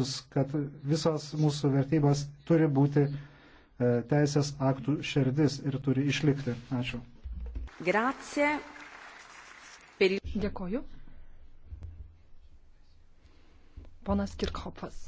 aspektus, kad visos mūsų vertybos turi būti e, teisės aktų širdis ir turi išlikti. Ačiū. Grazie. Per... Dėkoju. Ponas Kirchhoffas.